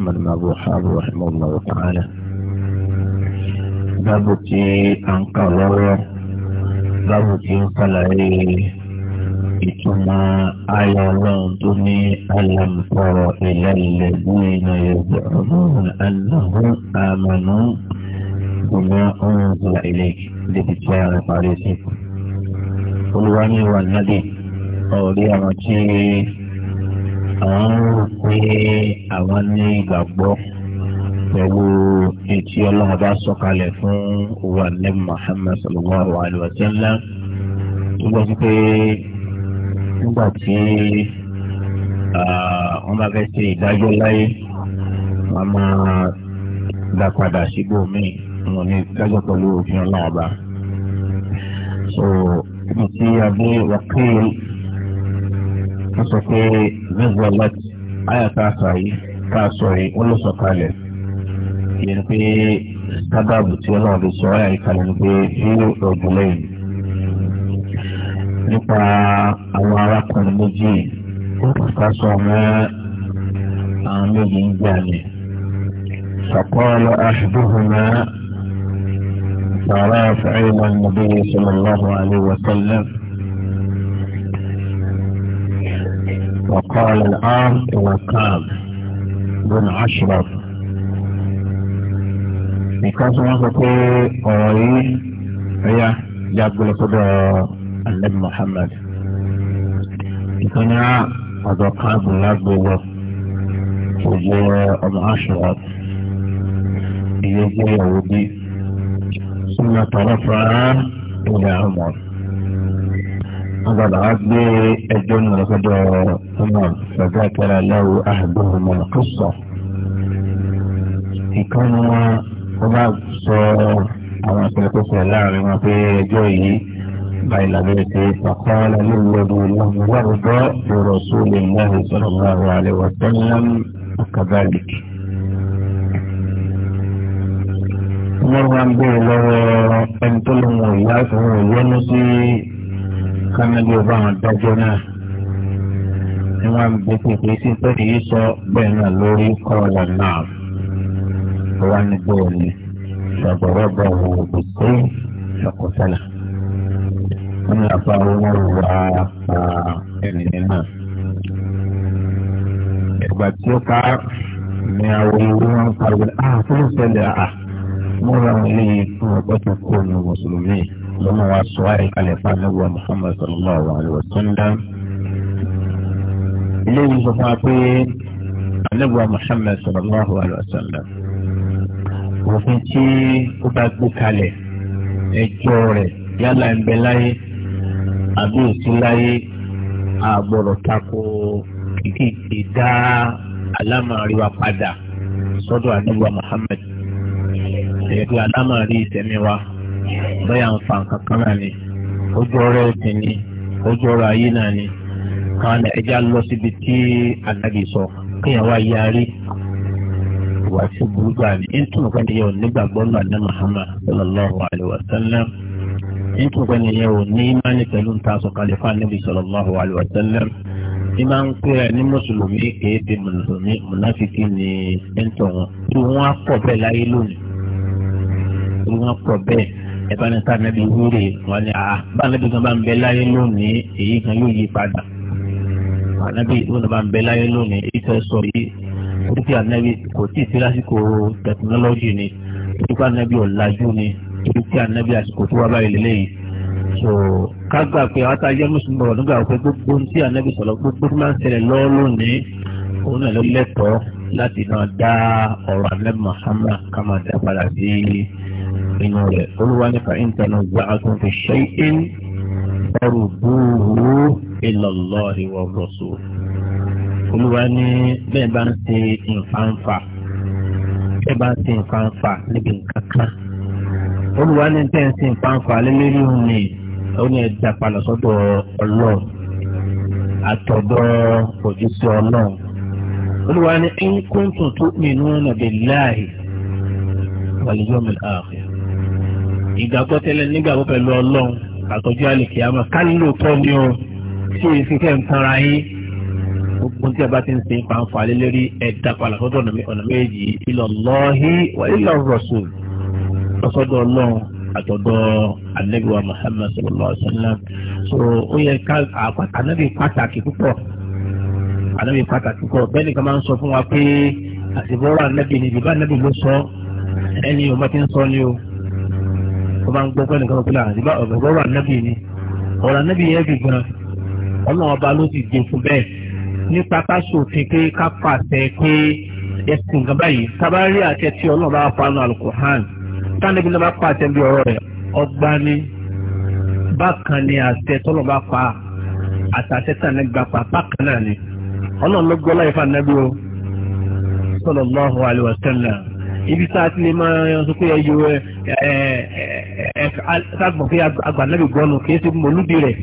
من أبو حاب رحمه الله تعالى باب تي أنقلوا باب تي أنقلوا إتما آية لندني ألم تر إلى الذين يزعمون أنهم آمنوا بما أنزل إليك لتجارة عليكم قل واني والنبي أولي أمتي àwọn rò pé àwọn ní ìgbàgbọ́ pẹ̀lú etí ọlọ́run bá sọ̀kalẹ̀ fún wa nẹ́bí Muhammad sallallahu alayhi wa sallam tó gbọ́ sí pé nígbà tí wọ́n bá fẹ́ ṣe ìdájọ́ láyé wọ́n máa dá padà síbò míì wọn ní ìdájọ́ pẹ̀lú òfin ọlọ́run bá. so ibi tí a bí wọ́n kéwòn. sọ pé nazalat aya tá a sọ yìí tá a sọ yìí wọ́n ló sọ kalẹ̀ yẹn pé sábàbù tí wọ́n náà lè sọ aya yìí kalẹ̀ ni pé yóò rọ̀jù lẹ́yìn nípa àwọn arákùnrin méjì ká sọ mọ́ àwọn méjì ń gbà ní. فقال أحدهما فرافع إلى النبي صلى الله عليه وسلم وقال الآن وكاب بن أشرف because wọ́n sọ pé ọ̀rọ̀ yìí ẹ̀yà jágbélé sọ́dọ̀ alẹ́bí Muhammad ìkànnì ọ̀dọ̀ káàbù lágbègbè gbogbo ọmọ aṣọ ìyẹ́gbé ìyàwó bí súnmọ́ tọ́lọ́fà ilẹ̀ àwọn. وقد عاد الجن وقد تمام فذكر له أحدهم القصة كان وما أما سنقصة الله لما في جوي بين بيتي فقال للذي لم يرضى برسول الله صلى الله عليه وسلم كذلك مرة له أن تلموا وياكم ينسي kámẹ́lì ọba àwọn adájọ́ náà ni wọ́n gbé pèpè sí pẹ́ẹ́lí yìí sọ bẹ́ẹ̀ náà lórí kọ́ọ̀lá náà wọ́n ní bẹ́ẹ̀ ni ṣàgbọ́rọ́ bá wò ètò ṣàkóṣálà wọ́n ní apá owó wà á ẹnìyẹn náà. ìgbà tí ó ká ní àwọn ìwé wọn pariwo ah, ah fún ìṣẹ̀lẹ̀ ah mo ra àwọn eléyìí fún ọgbẹ́ tó kó nu mùsùlùmí lọ́nà wa sọ ayé kalẹ̀ fún anábìwá Muhammad sallallahu alayhi wa sallam. ilé yìí sọ fún wa pé anábìwá Muhammad sallallahu alayhi wa sallam. òfin tí ó bá gbé kalẹ̀ ẹjọ́ rẹ̀ yálà ń bẹ láyé àbí òsín láyé àgbọ̀rọ̀ tako kìkì dá alámàrí wa padà sọ́dọ̀ anábìwá Muhammad. ẹ̀yẹ́ pé alámàrí ìtẹ̀mí wa. bẹ́ẹ̀ ń fa nǹkan kan náà ni ojú ọ̀rọ̀ ẹ̀sìn ni ojú ọ̀rọ̀ ayé náà ni kan ẹja lọ síbi tí alági sọ kéèyàn wá yarí wà sí burúkú àná nítorí pé nìyẹn ò nígbàgbọ́ náà ní Muhammad sallallahu alayhi wa sallam ta sallallahu alayhi wa sallam ìmá ń pè ní mùsùlùmí di ẹ̀bá ní sáà nẹ́bí wúre wọn ni àá bá nẹ́bí kan bá ń bẹ láyé lónìí èyí kan yóò yí padà ànábì wọn bá ń bẹ láyé lónìí èyí tẹ́ sọ yìí orúkọ ànábì kò tí ì sí lásìkò tẹkinọ́lọ́jì ni orúkọ ànábì ọ̀làjú ni orúkọ ànábì àsìkò tó wá báyìí lélẹ́yìí so ká gbà pé àwọn tá a jẹ́ mùsùlùmí ọ̀rọ̀ nígbà pé gbogbo ohun tí ànábì sọ̀rọ̀ gbogbo tó máa ń ṣẹlẹ̀ lọ́ọ́ lónìí òun náà ló lẹ́tọ̀ọ́ láti náà dá ọ̀rọ̀ ànábì Muhammad ká máa dá padà sí inú rẹ̀ olúwa nípa ìntànà gbà àtúntò ṣe é ẹrù búrú ìlọ̀lọ́ ìwọ̀ rọ̀ṣù. olúwa ní bẹ́ẹ̀ bá ń ṣe nǹfanfà bẹ́ẹ̀ bá ń ṣe nǹfanfà níbi nǹkan kan. olúwa ní bẹ́ẹ̀ ń ṣe nǹfanfà lélẹ́rí òun ni ẹ̀dá padà sọ́dọ̀ ọlọ́run àtọ̀dọ̀ òjíṣẹ́ ọlọ́run. olúwa ní in kuntum tu'minuna billahi wal yawmil akhir ìgbàgbọ́ tẹ́lẹ̀ nígbàgbọ́ pẹ̀lú ọlọ́run àtọ́jú àlìkìyàmọ̀ kálílò tọ́ ni o ṣé èsì kẹ́ ń tanra yín gbogbo tí a bá ti ń sin pàǹfà lélẹ́rí ẹ̀dá padà sọ́dọ̀ ọ̀nà méjì ilallahi wa ila rasul ọ̀sọ́dọ̀ ọlọ́run àtọ̀dọ̀ Ànábì wa Muhammad sallallahu alaihi wa so ó yẹ ká Ànábì pàtàkì púpọ̀ Ànábì pàtàkì púpọ̀ bẹ́ẹ̀ nìkan máa ń sọ fún wa pé àtìbọ́rọ̀ Ànábì ni ìdìbò Ànábì ló sọ ẹni ọmọ ti ń sọ ni o. ó bá ń gbọ́ pẹ́ nìkan pẹ́lá àdìbá ọ̀gbọ̀gbọ́rọ̀ ànábì ni ọ̀rọ̀ ànábì yẹn bì gan ọlọ́run ọba ló ti fún bẹ́ẹ̀ nípa pé pé gan báyìí àti ọlọ́run bá náà bá ọ̀rọ̀ rẹ̀ ọgbà ni bákan ni bá bákan náà ni ọlọ́run ló gbọ́ fún ibi tá a ti lè máa sọ pé ẹyọ ẹ ẹ kágbọ̀n pé agbànábì gbọ́nu kì í ṣe mọ̀lúbi rẹ̀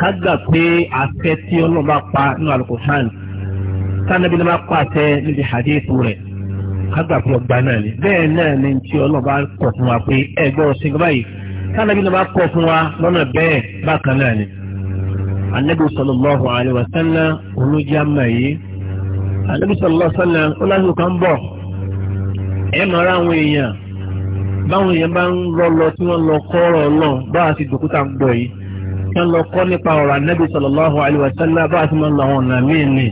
kágbà pé àṣẹ tí ọlọ́run bá pa nínú alukoran tánàbí ló bá pa àṣẹ níbi hadith rẹ̀ kágbà pé ọgbà náà ni bẹ́ẹ̀ náà ni tí ọlọ́run bá kọ̀ fún wa pé ọ̀sìn gbọ́ báyìí kọ̀ fún wa lọ́nà bẹ́ẹ̀ bákan náà ni. anabi sallallahu alayhi wa sallam yìí anabi sallallahu alayhi wa sallam ẹ máa ra àwọn èèyàn báwọn èèyàn bá ń lọ lọ tí wọ́n lọ kọ́ ọ̀rọ̀ bá a ti dòkúta ń bọ̀ yìí kí wọ́n lọ kọ́ nípa ọ̀rọ̀ anábì bá a ti máa lọ àwọn ọ̀nà míì ni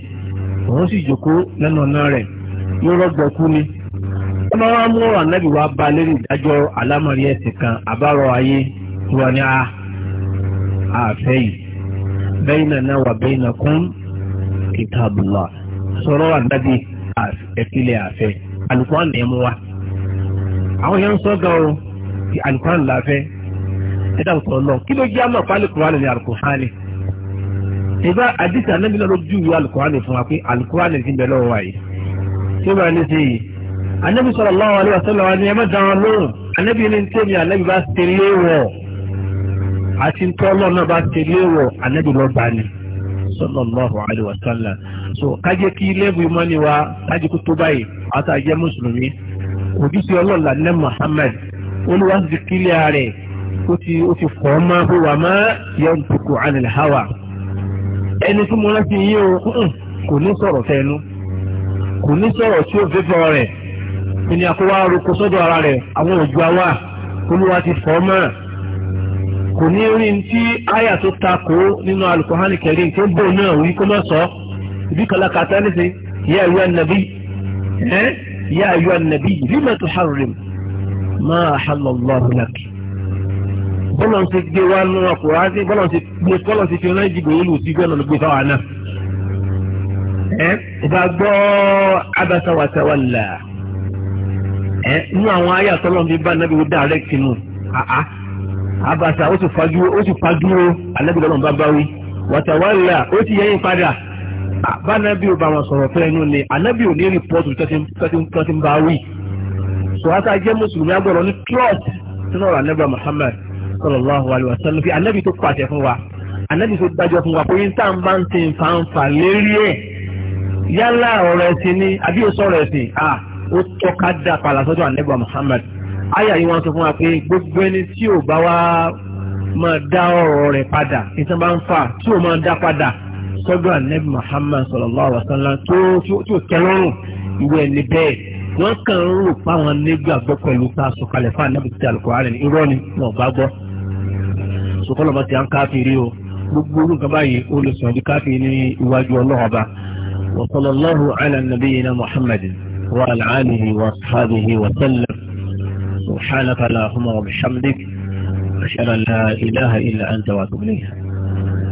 òun sì jókòó lẹ́nu ọ̀nà rẹ̀ yóò ni máa wá mú ọ̀rọ̀ ba ìdájọ́ alámọ̀rí ẹ̀sìn kan àbárọ̀ ayé ah, wa alukóran lè mú wa àwọn yẹn ń sọ gan o ti alukóran là fẹ́ ẹ dàgbà sọ lọ kí ló jẹ́ àmọ́ pa alukóran ní alukóran ni ìgbà àdìsí anábì náà ló júwe alukóran fún wa pé alukóran ti bẹ̀ lọ́wọ́ wa yìí tí ó bá ní sí yìí anábì sallallahu alaihi wasallam ni ẹ má dá wọn lóhùn anábì ní tèmi anábì bá ṣe léwọ̀ àti ntọ́ ọlọ́run náà bá ṣe léwọ̀ anábì lọ́gbàá ni sallallahu alaihi wasallam so kájẹ́ kí lẹ́bù ìmọ̀ni wa kájẹ́ kó tó báyìí àtàjẹ́ mùsùlùmí òjíṣẹ́ ọlọ́ọ̀lá ní Muhammad olúwa ti kílẹ̀ rẹ̀ ó ti ó ti fọ́ mọ́ pé wà má yẹn tukù anil hawa ẹni tí mo rántí yín o kò ní sọ̀rọ̀ fẹ́nu kò ní sọ̀rọ̀ tí ó fẹ́fẹ́ rẹ̀ ẹni àkówá roko sọ́dọ̀ ara rẹ̀ àwọn òjò àwa olúwa ti fọ́ mọ́ kò ní rí ní àyà tó ta kó nínú Al-Qur'an tó bò náà wí kó má sọ ọ́ bí kan láka tán nísìn yá ayú ànàbí ẹ́ yá ayú ànàbí lima tuharrim ma ahallallahu lak bọ́lá ń ti gbé wá nínú àkùrá sí bọ́lá ń ti gbé bọ́lá ń ti fi ọ̀nà ìdìbò yìí lù sí gbọ́nà ló gbé fáwọn náà ẹ́ ìgbà gbọ́ abasa wa tawalla ẹ́ nínú àwọn ayé àtọ́lọ́ mi bá nàbí wo direct nù àá abasa ó sì fajú ó sì bá báwí wa tawalla ó sì yẹ́yìn bánábì ò bá wọn sọ̀rọ̀ fẹ́ inú ni ànábì ò ní rìpọ́tù tẹ́tí ń bá wí sọ̀rọ̀ta jẹ́ mùsùlùmí agbọ̀rọ̀ ní trust sínú ọ̀rọ̀ ànábì Muhammad sallallahu alayhi wa sallam fi ànábì tó pàṣẹ fún wa ànábì tó dájọ́ fún wa pé tá à ń bá ń sin fanfa lérí ẹ̀ yálà ọ̀rọ̀ ẹ̀sìn ni àbí ó sọ̀rọ̀ ẹ̀sìn à ó tọ́ka dá pàlà sọ́jọ́ ànábì Muhammad àyà yìí wọ́n sọ fún wa pé gbogbo ẹni tí ò bá wá máa dá ọ̀rọ̀ rẹ̀ padà ìtàn bá ń fà tí ò máa dá padà sọ́dọ̀ anabi muhammad sallallahu alaihi wa sallam tó tẹ́lọ́rùn ìwé ẹni bẹ́ẹ̀ wọ́n kàn ń rò fáwọn nígbàgbọ́ pẹ̀lú ta sọ̀kalẹ̀ fún anabi ti alukur'an irọ́ ni wọ́n bá gbọ́ sọ̀kọ́lọ́ bá ti à ń káfíìrì o gbogbo orú nǹkan báyìí ó lè sọ̀rọ̀ di káfíìrì ní iwájú ọlọ́ọ̀ba wa sallallahu ala nabiyyina muhammad wa ala alihi wa sahbihi